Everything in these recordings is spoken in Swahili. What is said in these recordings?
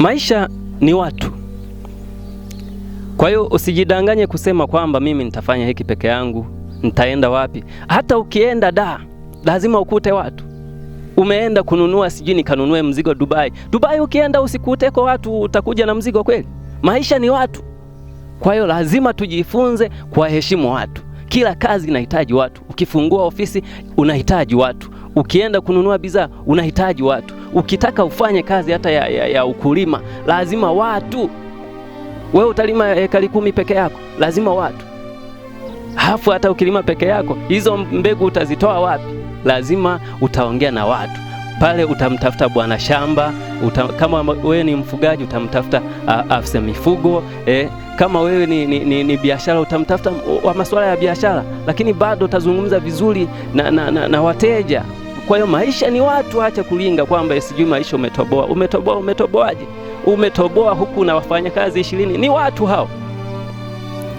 Maisha ni watu. Kwa hiyo usijidanganye kusema kwamba mimi nitafanya hiki peke yangu, nitaenda wapi? Hata ukienda da, lazima ukute watu. Umeenda kununua sijui nikanunue mzigo Dubai. Dubai ukienda usikuteko watu, utakuja na mzigo kweli? Maisha ni watu. Kwa hiyo lazima tujifunze kuwaheshimu watu. Kila kazi inahitaji watu. Ukifungua ofisi unahitaji watu. Ukienda kununua bidhaa unahitaji watu ukitaka ufanye kazi hata ya, ya, ya ukulima lazima watu. Wewe utalima ekari kumi peke yako, lazima watu. Halafu hata ukilima peke yako, hizo mbegu utazitoa wapi? Lazima utaongea na watu pale, utamtafuta bwana shamba uta, kama wewe ni mfugaji utamtafuta afisa mifugo eh, kama wewe ni, ni, ni, ni biashara utamtafuta wa masuala ya biashara, lakini bado utazungumza vizuri na, na, na, na wateja. Kwa hiyo maisha ni watu, acha kulinga kwamba sijui maisha umetoboa. Umetoboa, umetoboaje? Umetoboa huku na wafanyakazi ishirini, ni watu hao,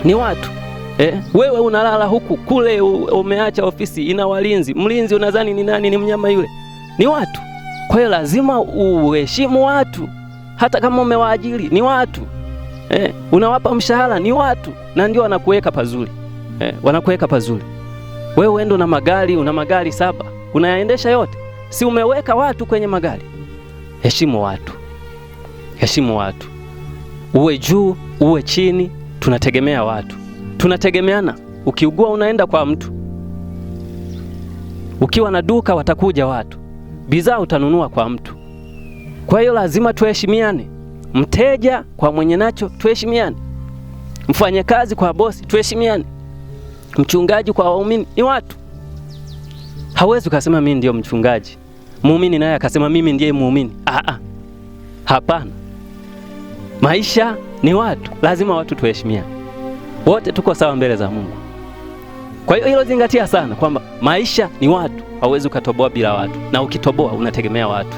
ni watu eh. Wewe unalala huku kule, umeacha ofisi ina walinzi, mlinzi unadhani ni nani? Ni mnyama yule? Ni watu. Kwa hiyo lazima uheshimu watu, hata kama umewaajiri ni watu eh. Unawapa mshahara ni watu, na ndio wanakuweka pazuri eh, wanakuweka pazuri. Wewe uende na magari, una magari saba unayaendesha yote, si umeweka watu kwenye magari? Heshimu watu, heshimu watu, uwe juu uwe chini, tunategemea watu, tunategemeana. Ukiugua unaenda kwa mtu, ukiwa na duka watakuja watu, bidhaa utanunua kwa mtu. Kwa hiyo lazima tuheshimiane, mteja kwa mwenye nacho tuheshimiane, mfanyakazi kwa bosi tuheshimiane, mchungaji kwa waumini ni watu. Hawezi ukasema mimi ndio mchungaji, muumini naye akasema mimi ndiye muumini. Ah, ah, hapana. Maisha ni watu, lazima watu tuheshimia, wote tuko sawa mbele za Mungu. Kwa hiyo hilo zingatia sana kwamba maisha ni watu, hauwezi ukatoboa bila watu, na ukitoboa unategemea watu.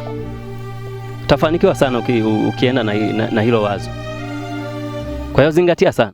Utafanikiwa sana uki, ukienda na, na, na hilo wazo. Kwa hiyo zingatia sana.